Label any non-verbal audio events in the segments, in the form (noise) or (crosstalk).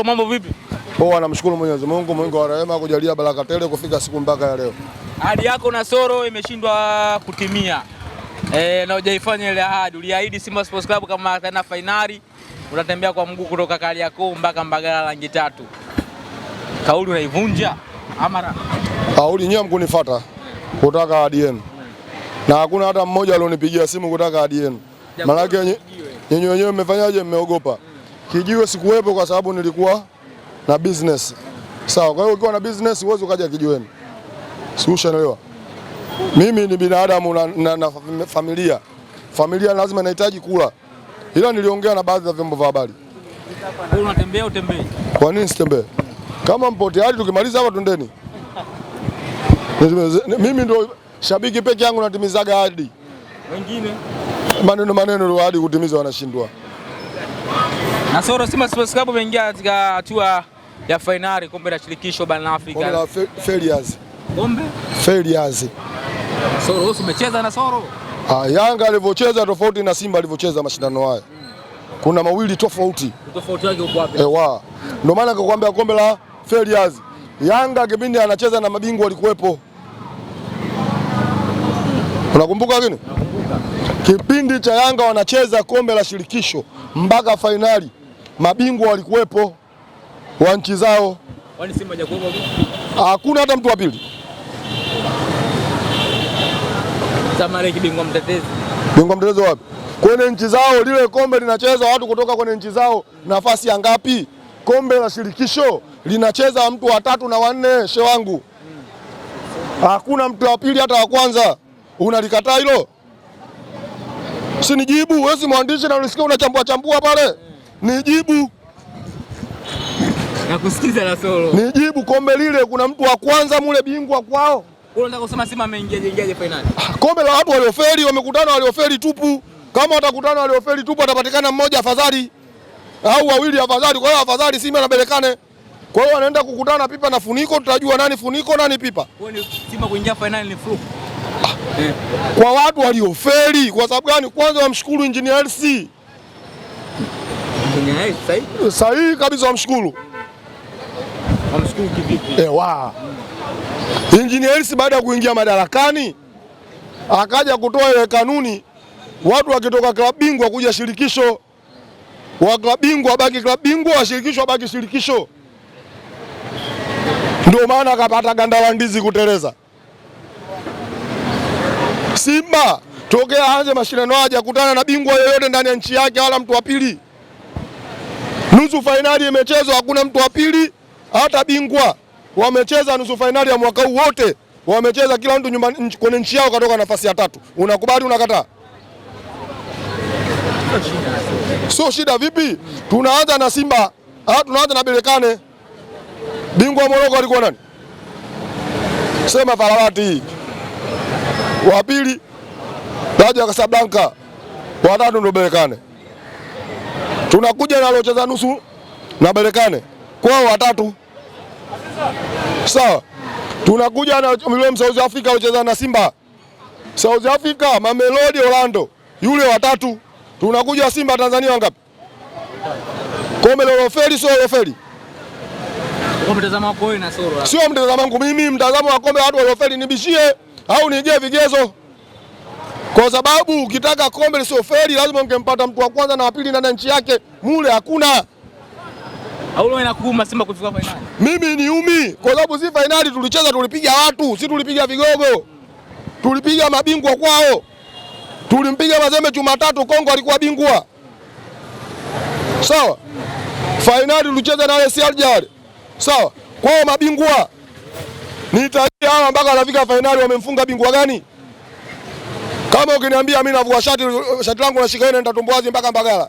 Apollo, mambo vipi? Oh, anamshukuru Mwenyezi Mungu Mungu wa rehema kujalia baraka tele kufika siku mpaka ya leo. Ahadi yako na Soro imeshindwa kutimia e, na hujaifanya ile ahadi. Uliahidi Simba Sports Club kama ataenda fainali unatembea kwa mguu kutoka Kariakoo mpaka Mbagala rangi tatu. Kauli unaivunja ama kauli nyewe mkunifuata kutaka ahadi yenu na hakuna hata mmoja alionipigia simu kutaka ahadi yenu. Maana yake nyinyi wenyewe mmefanyaje? Mmeogopa. Kijiwe sikuwepo kwa sababu nilikuwa na business. Sawa, kwa hiyo ukiwa na business huwezi ukaja kijiweni. Si ushanielewa? Mimi ni binadamu na, na, na familia. Familia lazima inahitaji kula. Ila niliongea na baadhi ya vyombo vya habari. Unatembea utembee? Kwa nini sitembee? Kama mpo tayari tukimaliza hapa tundeni. Mimi ndo shabiki peke yangu natimizaga hadi. Wengine maneno maneno hadi kutimiza wanashindwa. Na Soro Simba Sports Club imeingia katika hatua ya fainali kombe la shirikisho barani Afrika. Kombe la failures. Kombe? Failures. Soro wewe umecheza na Soro? Ah, Yanga alivyocheza tofauti na Simba alivyocheza mashindano haya. Kuna mawili tofauti. Tofauti yake uko wapi? Ewa. Ndio maana nikakwambia kombe la failures. Yanga kipindi anacheza na mabingwa walikuwepo. Unakumbuka gani? Nakumbuka. Kipindi cha Yanga wanacheza kombe la shirikisho mpaka fainali mabingwa walikuwepo wa nchi zao, hakuna hata mtu wa pili. Zamalek bingwa mtetezi, bingwa mtetezi wapi? Kwenye nchi zao lile kombe linacheza watu kutoka kwenye nchi zao nafasi ya ngapi? Kombe la shirikisho linacheza mtu wa tatu na wanne, she wangu, hakuna mtu wa pili hata wa kwanza. Unalikataa hilo? Sinijibu wewe, si mwandishi na unasikia unachambua chambua pale nijibu nakusikiza la solo. Nijibu kombe lile, kuna mtu wa kwanza mule bingwa kwao. Unataka kusema Simba ameingia ingiaje finali? Ah, kombe la watu walioferi wamekutana walioferi tupu. Kama watakutana walioferi tupu, atapatikana mmoja afadhali au wawili afadhali. Kwa hiyo afadhali Simba nabelekane. Kwa hiyo wanaenda kukutana pipa na funiko, tutajua nani funiko nani pipa. Simba kuingia finali ni fluke ah, kwa watu waliofeli. Kwa sababu gani? Kwanza wamshukuru Engineer LC sahihi kabisa, wamshukuru ewa eh, Injinia Hersi baada ya kuingia madarakani akaja kutoa ile kanuni, watu wakitoka klabu bingwa kuja shirikisho, wa klabu bingwa wabaki klabu bingwa, wa shirikisho wabaki shirikisho. Ndio maana akapata ganda la ndizi kuteleza. Simba tokea aanze mashindano aje kutana na bingwa yoyote ndani ya nchi yake, wala mtu wa pili. Nusu fainali imechezwa, hakuna mtu wa pili, hata bingwa wamecheza nusu fainali ya mwaka huu wote wamecheza, kila mtu nyumbani kwenye nchi yao katoka nafasi ya tatu. Unakubali unakataa? Sio shida. Vipi, tunaanza na Simba au ah, tunaanza na Belekane. Bingwa Moroko alikuwa nani? Sema Farawati. wa pili, Raja Casablanca, tatu ndo Belekane tunakuja na locheza nusu na Berekane kwao watatu, sawa. Tunakuja na yule South Africa aliocheza na Simba, South Africa, Mamelodi Orlando, yule watatu. Tunakuja Simba Tanzania wangapi? Kombe la sio Olofeli sio mtazamo wangu mimi, mtazamo wa kombe watu Olofeli nibishie au nigie vigezo kwa sababu ukitaka kombe lisio feli lazima ungempata mtu wa kwanza na wa pili ndani ya nchi yake mule, hakuna mimi ni umi, kwa sababu si fainali tulicheza, tulipiga watu, si tulipiga vigogo, tulipiga mabingwa kwao, tulimpiga Mazembe Jumatatu, Kongo alikuwa bingwa sawa. Fainali tulicheza na RS Alger sawa, kwao mabingwa. Nitajia hawa mpaka wanafika fainali, wamemfunga bingwa gani? Kama ukiniambia mimi navua shati shati langu nashika yeye nenda tumbuazi mpaka Mbagala.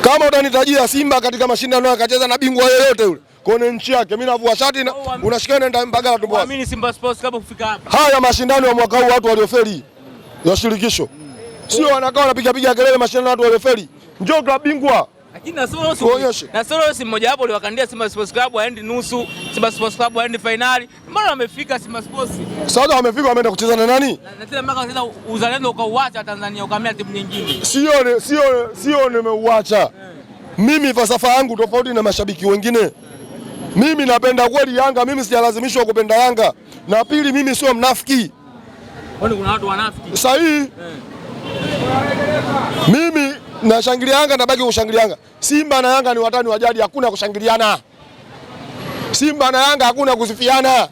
Kama utanitajia Simba katika mashindano akacheza na bingwa yoyote yule kone nchi yake, mimi navua shati na unashika nenda Mbagala tumbuazi. Mimi Simba Sports Club kufika hapa. Haya mashindano ya mwaka huu watu waliofeli ya shirikisho sio wanakaa wanapiga piga kelele mashindano watu waliofeli. Njoo klabu bingwa. Lakini na Solo si mmoja wapo aliwakandia Simba Sports Club aende nusu Simba Sports Club waende finali. Mbona wamefika Simba Sports? Sasa wamefika wameenda kucheza na nani? Na tena mpaka sasa uzalendo ukauacha Tanzania ukamea timu nyingine. Sio sio sio nimeuacha. Eh. Mimi falsafa yangu tofauti na mashabiki wengine. Mimi napenda kweli Yanga, mimi sijalazimishwa kupenda Yanga. Na pili mimi sio mnafiki. Kwani kuna watu wanafiki? Sasa hii. Eh. Mimi nashangilia Yanga na baki kushangilia Yanga. Simba na Yanga ni watani wa jadi, hakuna kushangiliana. Simba na Yanga hakuna kusifiana.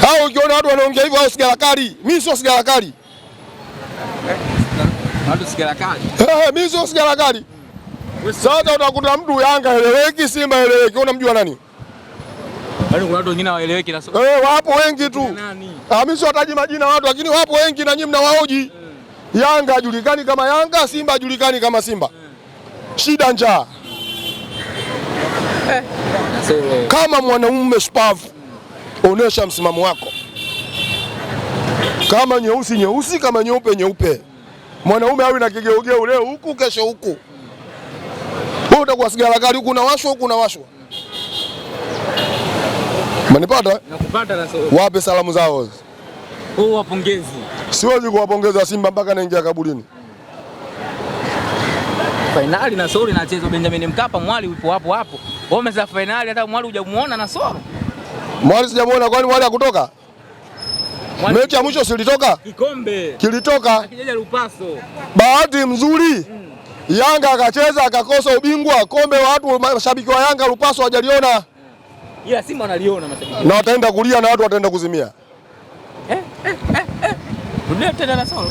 Hao ukiona watu wanaongea hivyo, hao sigara kali. Mimi sio sigara kali, mimi sio sigara kali. Sasa utakuta mtu Yanga eleweki, Simba eleweki, unamjua nani? Eh, wapo wengi tu, mimi ah, siwataji majina watu, lakini wapo wengi na nyinyi mnawaoji. Eh. Yanga julikani kama Yanga, Simba julikani kama Simba. Eh. Shida njaa eh. Kama mwanaume shupavu, onesha msimamo wako, kama nyeusi nyeusi, kama nyeupe nyeupe. Mwanaume awe na kigeugeu, leo huku kesho huku, wewe utakuwa sigara kali huku unawashwa huku unawashwa. Manipata wape salamu zao, siwezi kuwapongeza Simba mpaka naingia kaburini fainali na Soro inachezwa Benjamin Mkapa, mwali upo hapo hapo. Wewe umeza fainali hata mwali hujamuona na Soro. Mwali sijamuona, kwani mwali akutoka? Mechi ya mwisho silitoka kikombe kilitoka Akijaja bahati mzuri mm. Yanga akacheza akakosa ubingwa kombe, watu mashabiki wa Yanga lupaso hawajaliona yeah. Yeah, Simba wanaliona mashabiki na wataenda kulia na watu wataenda kuzimia eh, eh, eh, eh. na Soro.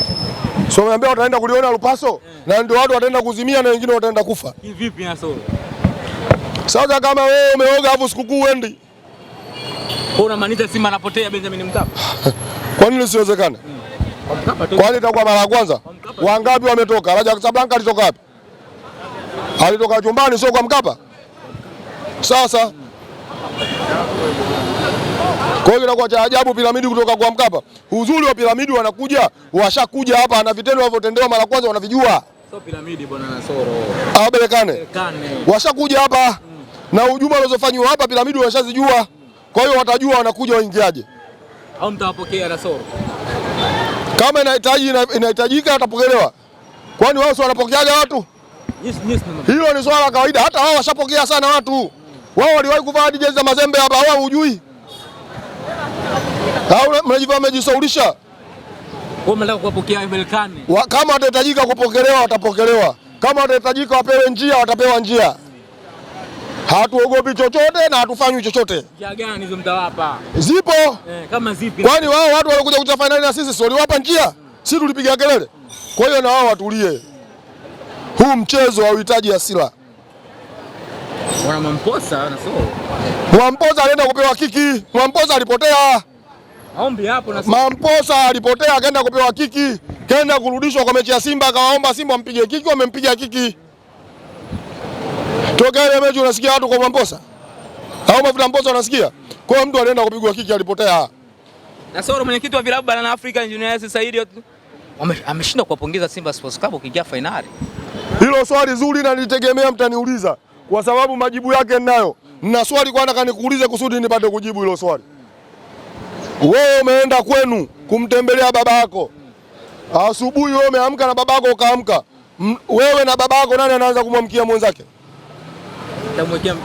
So wameambia wataenda kuliona Lupaso yeah. Mm. Na ndio watu wataenda kuzimia na wengine wataenda kufa. Vipi hasa? Sasa kama wewe umeoga afu sikukuu uendi. Unamaanisha Simba anapotea Benjamin Mkapa? (laughs) Kwa nini siwezekane? Hmm. Kwani itakuwa mara ya kwanza? Wangapi wametoka? Raja Casablanca alitoka wapi? Alitoka chumbani sio kwa Mkapa? Sasa kwa hiyo inakuwa cha ajabu piramidi kutoka kwa Mkapa. Uzuri wa piramidi wanakuja, washakuja hapa na vitendo wanavyotendewa mara kwanza wanavijua. Sio piramidi bwana Nasoro. Ah, Berkane. Berkane. Washakuja hapa mm. na hujuma wanazofanywa hapa piramidi washazijua. Mm. Kwa hiyo watajua wanakuja waingiaje. Au mtawapokea Nasoro? Kama inahitaji inahitajika atapokelewa. Kwani wao sio wanapokeaga watu? Yes, yes, no, no. hilo ni swala la kawaida. Hata wao washapokea sana watu. Mm. Wao waliwahi kuvaa jezi za Mazembe hapa, wao hujui mnajisaulisha kama watahitajika kupokelewa watapokelewa, kama watahitajika wapewe njia watapewa njia. Hatuogopi chochote na hatufanywi chochote. Zipo eh, kama zipi? Kwani wao watu waliokuja kucheza finali na sisi si waliwapa njia? Hmm. Sisi tulipiga kelele. Kwa hiyo na wao watulie, huu mchezo hauhitaji hasira. Mwamposa alienda kupewa kiki, Mwamposa alipotea. Maombi hapo na Mamposa alipotea akaenda kupewa kiki, kaenda kurudishwa kwa mechi ya Simba, akawaomba Simba ampige kiki, wamempiga kiki. Toka ile mechi unasikia watu kwa Mamposa. Hao mafuta Mamposa unasikia? Kwa hiyo mtu alienda kupigwa kiki alipotea. Na Soro mwenyekiti wa vilabu barani Afrika Engineer Said ameshindwa kuwapongeza Simba Sports Club ukiingia finali. Hilo swali zuri na nilitegemea mtaniuliza kwa sababu majibu yake ninayo. Na swali kwa nataka nikuulize kusudi nipate kujibu hilo swali. Wewe umeenda kwenu kumtembelea baba yako asubuhi, wewe umeamka na babako ukaamka, wewe na babako, nani anaanza kumwamkia mwenzake?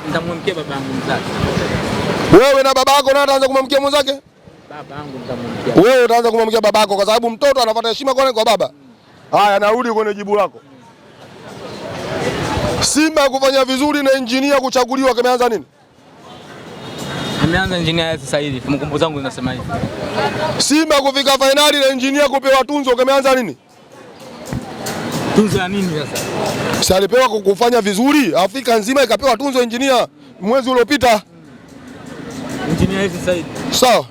Nitamwamkia babangu Wewe na babako, nani anaanza kumwamkia mwenzake? Babangu nitamwamkia. Wewe utaanza kumwamkia babako, kwa sababu mtoto anapata heshima kwa kwa baba. Haya, narudi kwenye jibu lako. Simba kufanya vizuri na injinia kuchaguliwa kimeanza nini? Nimeanza engineer sasa hivi. Kumbukumbu zangu zinasema hivi. Simba kufika fainali na engineer kupewa tunzo kimeanza nini? Tunzo ya nini sasa? Si alipewa kufanya vizuri, Afrika nzima ikapewa tunzo engineer mwezi uliopita. Engineer hivi sasa hivi. Sawa.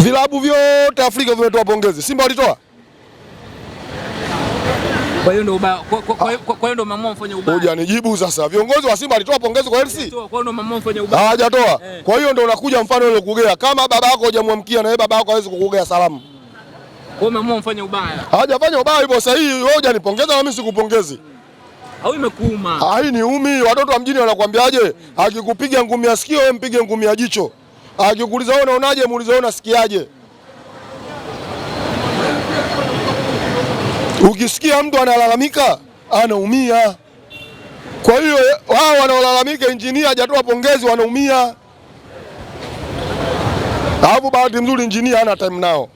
Vilabu vyote Afrika vimetoa pongezi. Simba walitoa? Kwa hiyo ndio umeamua mfanye ubaya. Hujanijibu sasa. Viongozi wa Simba walitoa pongezi kwa LC? Hajatoa. Eh. Kwa hiyo ndio unakuja mfano ile kugea. Kama baba yako hujamwamkia na yeye baba yako hawezi kukugea salamu. Hmm. Wewe umeamua mfanye ubaya. Hawajafanya ubaya hivyo sahihi. Wewe nipongeza na mimi sikupongezi. Hmm. Au imekuuma? Hai ah, ni umi. Watoto wa mjini wanakuambiaje? Akikupiga ngumi ya sikio wewe mpige ngumi ya jicho. Akikuuliza wewe unaonaje, muulize wewe unasikiaje. Ukisikia mtu analalamika anaumia. Kwa hiyo wao wanaolalamika injinia hajatoa pongezi, wanaumia. Alafu bahati nzuri injinia hana time nao.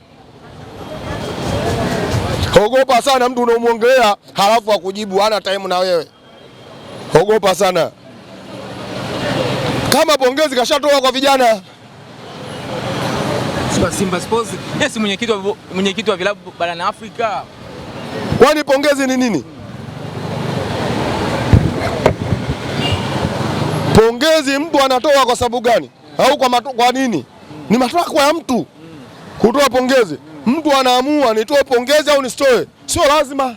Ogopa sana mtu unaomwongelea halafu akujibu, hana time na wewe. Ogopa sana kama pongezi kashatoa kwa vijana Simba Sports. Yes, mwenyekiti wa vilabu barani Afrika Kwani pongezi ni nini? Pongezi mtu anatoa kwa sababu gani au kwa, matu, kwa nini? Ni matakwa ya mtu kutoa pongezi. Mtu anaamua nitoe pongezi au nisitoe, sio lazima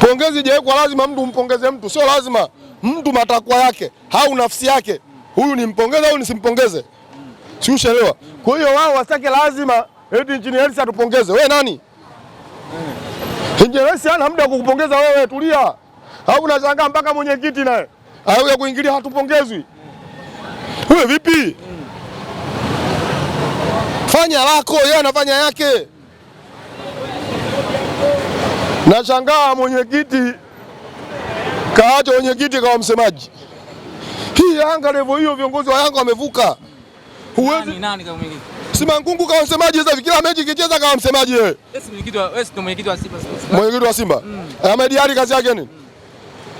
pongezi jawekwa lazima mtu umpongeze mtu, sio lazima mtu, matakwa yake au nafsi yake, huyu nimpongeze au nisimpongeze, siushelewa. Kwa hiyo wao wasitake lazima eti injinia Hersi atupongeze, we nani? Ingeresi hana muda wa kukupongeza wewe, tulia. Au unashangaa mpaka mwenyekiti naye ya kuingilia hatupongezwi wewe vipi? Fanya lako, yeye anafanya yake. Nashangaa mwenyekiti kaacha mwenyekiti kawa msemaji. Hii Yanga levo hiyo, viongozi wa Yanga wamevuka. Huwezi nani, nani kama mwenyekiti Simba Ngungu kama msemaji sasa kila mechi kicheza kama msemaji yeye. Yes, mwenyekiti wa West ndio mwenyekiti wa Simba Sports. Mwenyekiti wa Simba. Mm. Ahmed Ally kazi yake nini?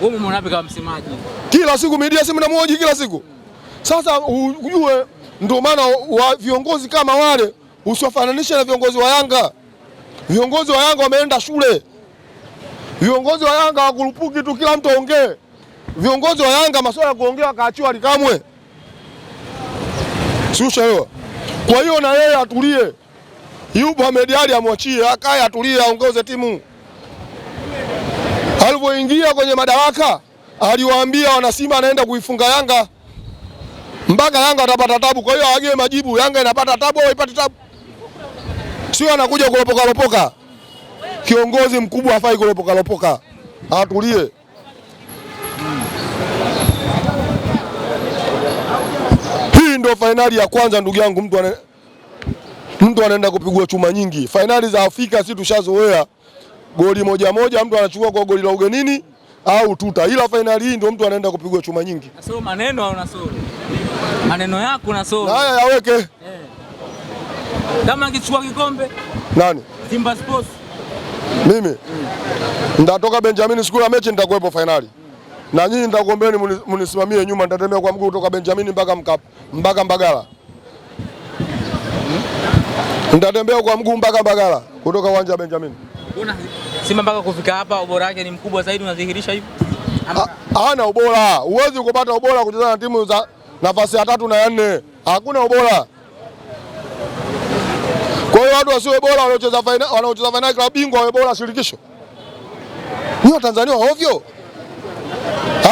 mm. umeona wapi kama msemaji? Kila siku media simu na namhoji kila siku. Mm. Sasa ujue ndio maana wa viongozi kama wale usiwafananishe na viongozi wa Yanga. Viongozi wa Yanga wameenda shule. Viongozi wa Yanga wakurupuki tu kila mtu aongee. Viongozi wa Yanga masuala ya kuongea kaachiwa likamwe. Sio kwa hiyo na yeye atulie, yupo Ahmed amwachie, akae atulie, aongoze timu. Alivyoingia kwenye madaraka aliwaambia wanasimba anaenda kuifunga Yanga mpaka Yanga atapata tabu. Kwa hiyo awagee majibu, Yanga inapata tabu au haipati tabu? Sio anakuja kulopoka lopoka. Kiongozi mkubwa hafai kulopoka lopoka, atulie. fainali ya kwanza ndugu yangu, mtu ane... mtu anaenda kupigwa chuma nyingi. Fainali za Afrika si tushazoea goli moja moja, mtu anachukua kwa goli la ugenini au tuta, ila fainali hii ndio mtu anaenda kupigwa chuma nyingi. Sio maneno au nasoro maneno yako nasoro, haya yaweke eh. Kama akichukua kikombe nani Simba Sports, mimi mm. ndatoka Benjamin siku ya mechi nitakuwepo fainali na nyinyi nitakuombeeni mnisimamie nyuma, nitatembea kwa mguu kutoka Benjamini mpaka mpaka Mbagala, hmm? nitatembea kwa mguu mpaka Mbagala kutoka uwanja wa Benjamini. Simba mpaka kufika hapa, ubora wake ni mkubwa zaidi, unadhihirisha hivyo. Hana ubora, huwezi kupata ubora kucheza na timu za nafasi ya tatu na ya nne, hakuna ubora. Kwa hiyo watu wasiwe bora, wanaocheza fainali klabu bingwa wawe bora shirikisho. Ni Watanzania ovyo.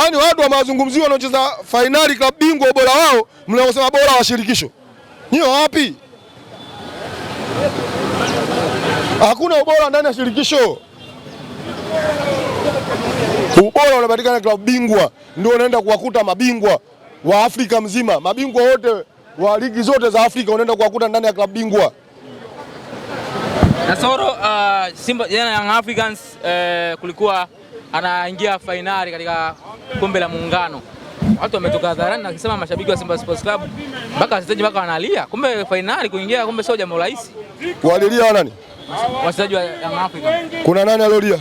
Yaani ni watu wamazungumziwa wanaocheza fainali klabu bingwa, ubora wao mnaosema bora wa shirikisho, nyiwe wapi? Hakuna ubora ndani ya shirikisho. Ubora unapatikana klabu bingwa, ndio unaenda kuwakuta mabingwa wa Afrika mzima, mabingwa wote wa ligi zote za Afrika unaenda kuwakuta ndani ya klabu bingwa. Nasoro uh, Simba Young Africans uh, kulikuwa anaingia fainali katika kombe la Muungano. Watu wametoka hadharani na mashabiki wa Simba Sports Club mpaka wachezaji mpaka wanalia. Kumbe fainali kuingia, kumbe sio jambo rahisi. Walilia nani? Wachezaji wa Young Africa. Kuna nani alolia?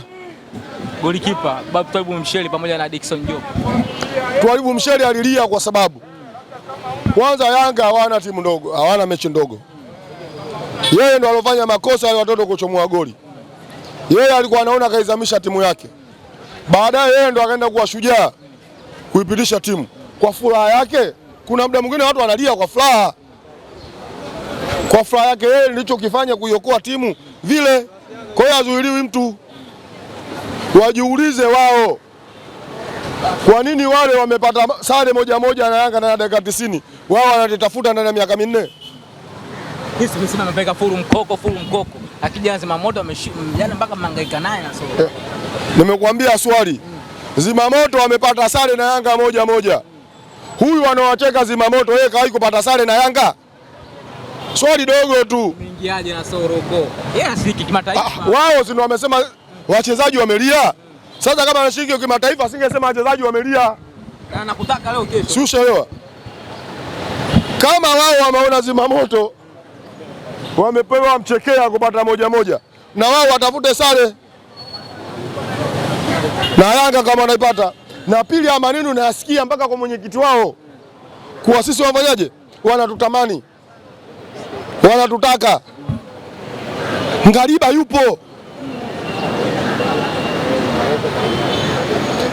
Golikipa Babu Twaibu Msheli pamoja na Dickson Job. Twaibu Msheli alilia kwa sababu kwanza Yanga hawana timu ndogo, hawana mechi ndogo. Yeye ndo alofanya makosa ya watoto kuchomoa goli. Yeye alikuwa anaona kaizamisha timu yake baadaye yeye ndo akaenda kuwa shujaa kuipitisha timu kwa furaha yake. Kuna muda mwingine watu wanalia kwa furaha, kwa furaha yake yeye nilichokifanya kuiokoa timu vile. Kwa hiyo azuiliwi mtu, wajiulize wao kwa nini wale wamepata sare moja moja na Yanga na dakika 90 wao wanatitafuta ndani ya miaka minne. Hisi msema amepeka furu mkoko, furu mkoko akija zimamoto jana mpaka mangaika naye na sio. Eh, nimekuambia swali mm. Zimamoto wamepata sare na Yanga moja moja mm. Huyu anawacheka zimamoto yeye kawahi kupata sare na Yanga? Swali dogo tu. Mingiaje na Soroko? Yeye asiki kimataifa. Ah, wao sio wamesema wachezaji wamelia Sasa kama anashiriki kimataifa singesema wachezaji wamelia na nakutaka leo kesho. Susha leo. Kama wao wameona zimamoto wamepewa mchekea kupata moja moja, na wao watafute sare na Yanga kama wanaipata. Na pili ya maneno nayasikia mpaka kwa mwenyekiti wao kuwa sisi wafanyaje, wanatutamani wanatutaka. Ngariba yupo,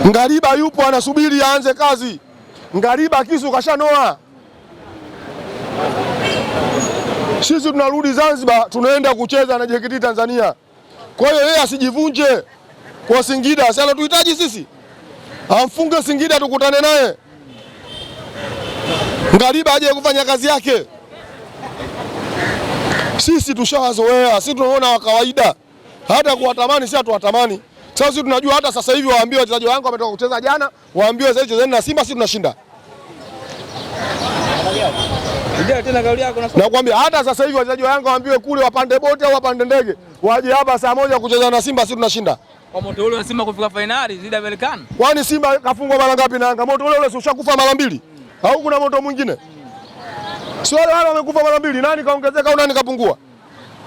Ngariba yupo, anasubiri aanze kazi. Ngariba kisu kashanoa. Sisi tunarudi Zanzibar, tunaenda kucheza na JKT Tanzania. Kwa hiyo yeye asijivunje kwa Singida, si anatuhitaji sisi, amfunge Singida tukutane naye, ngariba aje kufanya kazi yake. Sisi tushawazoea, sisi tunaona wa kawaida, hata kuwatamani si hatuwatamani. Sasa sisi tunajua hata sasa hivi waambie wachezaji wangu wametoka kucheza jana, waambiwe sasa hivi chezeni na Simba, sisi tunashinda. Nakwambia hata sasa hivi wachezaji wa Yanga waambiwe kule wapande boti au wapande ndege waje hapa saa moja kucheza na Simba, si tunashinda kwa moto ule wa Simba kufika fainali zidi ya Berkane. Kwani Simba kafungwa mara ngapi na Yanga? Moto ule ule si ushakufa mara mbili mm. au kuna moto mwingine mm. si wale wale wamekufa mara mbili, nani kaongezeka au nani kapungua?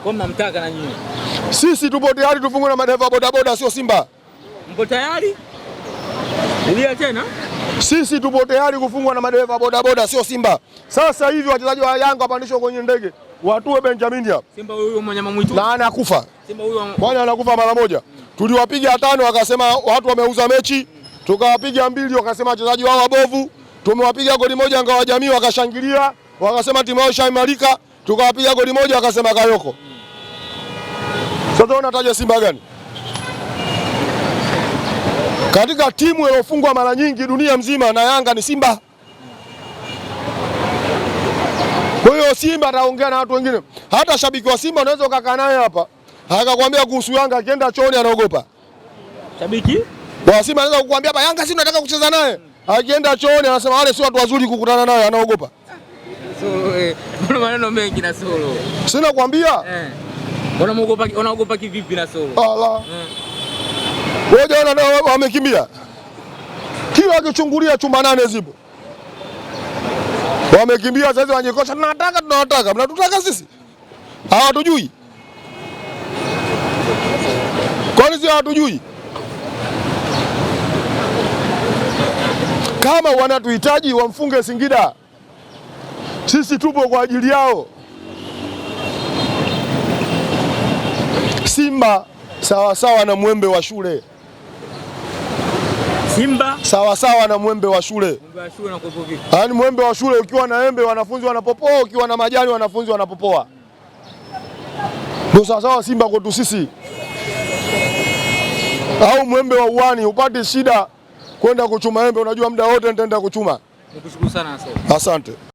Kwa mnamtaka na nyinyi, sisi tupo tayari tufungwe na madereva bodaboda, sio Simba. Mpo tayari? Rudia tena. Sisi tupo tayari kufungwa na madereva bodaboda, sio Simba. Sasa hivi wachezaji wa Yanga wapandishwe kwenye ndege watue Benjamin hapa. Simba huyu mnyama mwitu. Na anakufa. Simba huyu kwani anakufa mara moja. Mm. Tuliwapiga tano wakasema watu wameuza mechi. Mm. Tukawapiga mbili wakasema wachezaji wao wabovu. Tumewapiga goli moja ngao jamii wakashangilia, wakasema timu yao ishaimarika. Tukawapiga goli moja wakasema Kayoko. Mm. Sasa unataja Simba gani? Katika timu iliyofungwa mara nyingi dunia mzima na Yanga ni Simba. Kwa hiyo Simba ataongea na watu wengine, hata shabiki wa Simba unaweza ukakaa naye hapa akakwambia kuhusu Yanga, akienda chooni anaogopa. Shabiki wa Simba anaweza kukwambia hapa, Yanga si unataka kucheza naye, akienda chooni anasema wale si watu wazuri kukutana naye, anaogopa. So, eh, maneno mengi na Solo sina kuambia eh. Unaogopa unaogopa kivipi na Solo? Allah. Eh. Mm. Wajaona wamekimbia, kila wakichungulia chuma nane zipo, wamekimbia sasa wanyekosha tunataka, tunataka, tunawataka, mnatutaka sisi, hawatujui kwani si hawatujui? Kama wanatuhitaji wamfunge Singida, sisi tupo kwa ajili yao. Simba sawasawa na mwembe wa shule. Simba sawasawa na mwembe wa shule. Yaani mwembe wa shule ukiwa na embe wanafunzi wanapopoa, ukiwa na majani wanafunzi wanapopoa. Ndio sawasawa Simba kwetu sisi. Au mwembe wa uwani upate shida kwenda kuchuma embe, unajua muda wote nitaenda kuchuma. Nikushukuru sana asante.